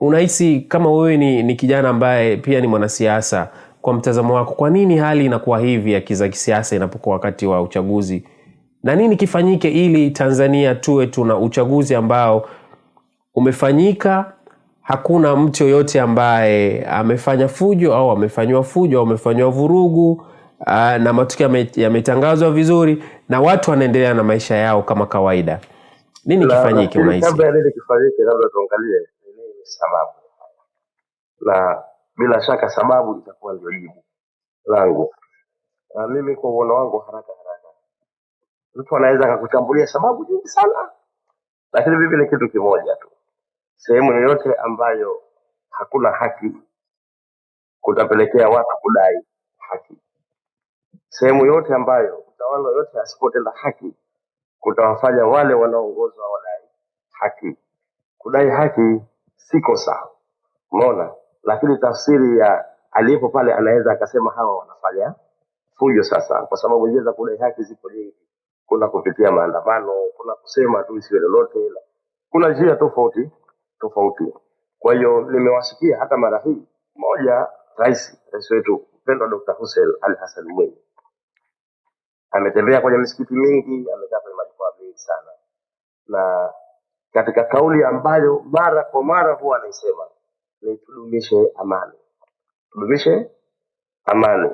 unahisi kama wewe ni, ni kijana ambaye pia ni mwanasiasa, kwa mtazamo wako, kwa nini hali inakuwa hivi ya kiza kisiasa inapokuwa wakati wa uchaguzi, na nini kifanyike ili Tanzania tuwe tuna uchaguzi ambao umefanyika, hakuna mtu yoyote ambaye amefanya fujo au amefanyiwa fujo au amefanyiwa vurugu aa, na matukio yametangazwa vizuri na watu wanaendelea na maisha yao kama kawaida. Nini kifanyike unahisi? Kabla nini kifanyike, labda tuangalie sababu, na bila shaka sababu itakuwa ndio jibu langu. Na mimi kwa uono wangu, haraka haraka, mtu anaweza akakuchambulia sababu nyingi sana, lakini ni kitu kimoja tu, sehemu yoyote ambayo hakuna haki kutapelekea watu kudai haki. Sehemu yote ambayo utawala yote asipotenda haki kutawafanya wale wanaoongozwa wadai haki. Kudai haki si kosa, umeona. Lakini tafsiri ya aliyepo pale anaweza akasema hawa wanafanya fujo sasa, kwa sababu njia za kudai haki ziko nyingi. Kuna kupitia maandamano, kuna kusema tu isiwe lolote, kuna njia tofauti tofauti. Kwa hiyo nimewasikia hata mara hii moja, rais rais wetu mpendwa Dr. Hussein Ali Hassan Mwinyi ametembea kwenye misikiti mingi, amekaa kwenye majukwaa mengi sana na katika kauli ambayo mara kwa mara huwa anaisema ni tudumishe amani, tudumishe amani.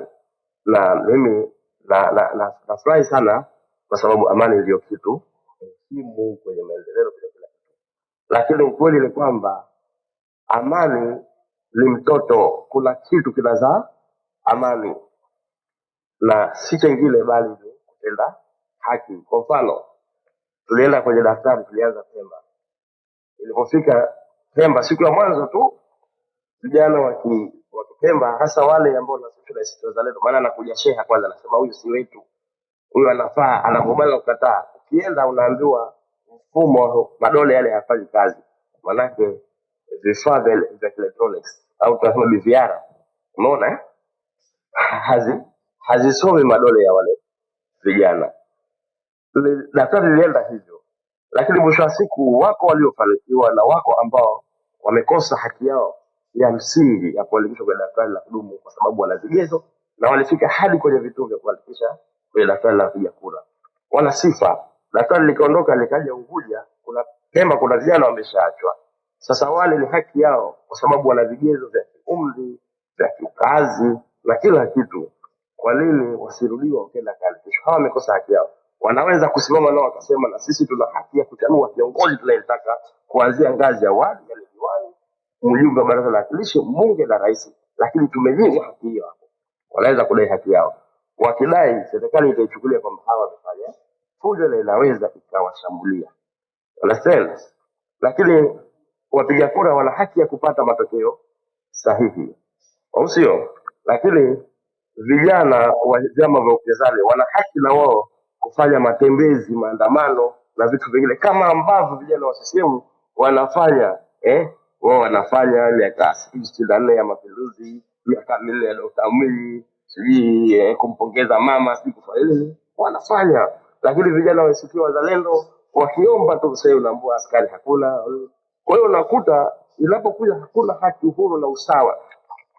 Na mimi nafurahi na, na, na, na sana kwa sababu amani ndiyo kitu muhimu kwenye maendeleo kila kitu, lakini ukweli ni kwamba amani ni mtoto. Kuna kitu kinazaa amani na si chengine bali ni kutenda haki. Kwa mfano, tulienda kwenye daftari, tulianza kusema Ilipofika Pemba siku ya mwanzo tu vijana wa wakipemba hasa wale ambao na na sisi wazalendo, maana anakuja sheha kwanza, anasema huyu si wetu, huyu anafaa, anakubali kukataa. Ukienda unaambiwa mfumo madole yale hayafanyi kazi, manake vifaa vya electronics au tunasema BVR, unaona eh, hazi hazisomi madole ya wale vijana. Daktari lienda hivyo lakini mwisho wa siku wako waliofanikiwa na wako ambao wamekosa haki yao ya msingi ya kuandikishwa kwenye daftari la kudumu kwa sababu wana vigezo na walifika hadi kwenye vituo vya kuandikisha kwenye daftari la kupiga kura, wana sifa. Daftari likaondoka likaja Unguja, kuna Pemba, kuna vijana wameshaachwa. Sasa wale ni haki yao, kwa sababu wana vigezo vya kiumri, vya kikazi na kila kitu. Kwa nini wasirudiwa wakenda kaandikishwa? Hawa wamekosa haki yao wanaweza kusimama nao wakasema, na sisi tuna haki ya kuchanua kiongozi tunayetaka kuanzia ngazi ya wadi, yani diwani, mjumbe wa baraza la wakilishi, mbunge na rais, lakini tumenyimwa haki hiyo. Hapo wanaweza kudai haki yao, wakidai serikali itaichukulia kwamba hawa wamefanya fujo na inaweza ikawashambulia, Lakini wapiga kura wana haki ya kupata matokeo sahihi, au sio? Lakini vijana wa vyama vya upinzani wana haki na wao kufanya matembezi, maandamano na vitu vingine kama ambavyo vijana wa CCM wanafanya eh? wao wanafanya miaka sitini na nne ya mapinduzi, miaka minne ya Dokta Mwinyi, sijui eh, kumpongeza mama, si kufanya nini, wanafanya. Lakini vijana wa ACT Wazalendo wakiomba tu sasa, unaambua askari hakuna. Kwa hiyo unakuta inapokuja hakuna haki, uhuru na usawa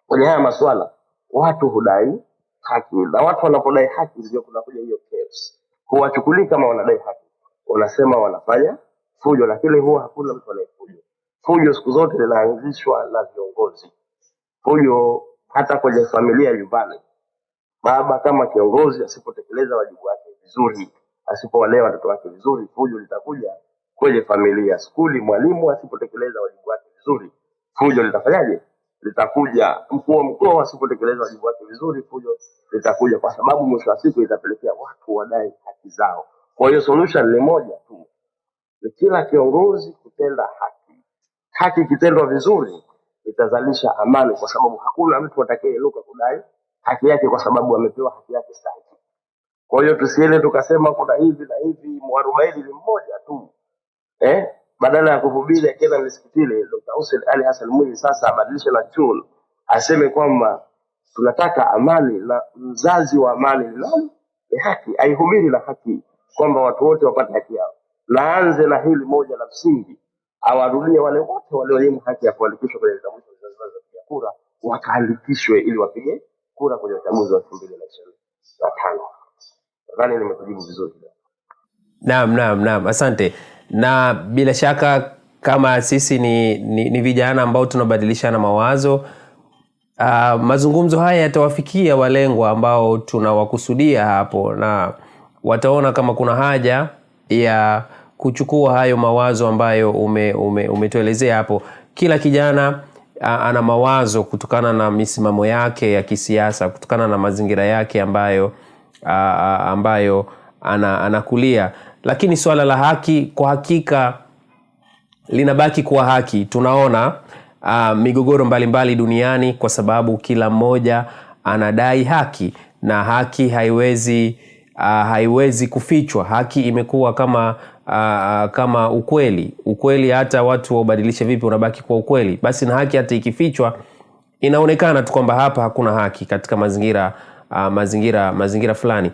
kwenye haya masuala, watu hudai haki, na watu wanapodai haki ndio kunakuja hiyo chaos huwachukulii kama wanadai haki, wanasema wanafanya fujo, lakini huwa hakuna mtu anayefujo. Fujo siku zote linaanzishwa na viongozi. Fujo hata kwenye familia nyumbani, baba kama kiongozi asipotekeleza wajibu wake vizuri, asipowalea watoto wake vizuri, fujo litakuja kwenye familia. Skuli, mwalimu asipotekeleza wajibu wake vizuri, fujo litafanyaje? litakuja. Mkuu wa mkoa asipotekeleza wajibu wake vizuri, fujo litakuja, kwa sababu mwisho wa siku itapelekea watu wadai haki zao. Kwa hiyo solution ni moja tu, ni kila kiongozi kutenda haki. Haki ikitendwa vizuri itazalisha amani, kwa sababu hakuna mtu atakayeeluka kudai haki yake, kwa sababu amepewa haki yake stahiki. Kwa hiyo tusiende tukasema kuna hivi na hivi, mwarobaini ni mmoja tu eh? badala ya kuhubiri akienda misikitini, Dr. Hussein Ali Hassan Mwinyi sasa abadilishe na tune, aseme kwamba tunataka amani na mzazi wa amani ni nani? Ni haki. Aihubiri na haki kwamba watu wote wapate haki yao, naanze na hili moja la msingi, awarudie wale wote walionyimwa haki ya kuandikishwa kwenye vitambulisho vya kupiga kura, wakaandikishwe ili wapige kura kwenye uchaguzi wa elfu mbili na ishirini na tano. Nadhani nimekujibu vizuri. Naam, naam, naam, asante na bila shaka kama sisi ni, ni, ni vijana ambao tunabadilishana mawazo uh, mazungumzo haya yatawafikia walengwa ambao tunawakusudia hapo, na wataona kama kuna haja ya kuchukua hayo mawazo ambayo ume, ume, umetuelezea hapo. Kila kijana uh, ana mawazo kutokana na misimamo yake ya kisiasa, kutokana na mazingira yake ambayo, uh, ambayo anakulia ana lakini swala la haki kwa hakika linabaki kuwa haki. Tunaona uh, migogoro mbalimbali duniani kwa sababu kila mmoja anadai haki na haki haiwezi uh, haiwezi kufichwa. Haki imekuwa kama uh, kama ukweli. Ukweli hata watu waubadilishe vipi, unabaki kuwa ukweli. Basi na haki hata ikifichwa inaonekana tu kwamba hapa hakuna haki katika mazingira uh, mazingira mazingira fulani.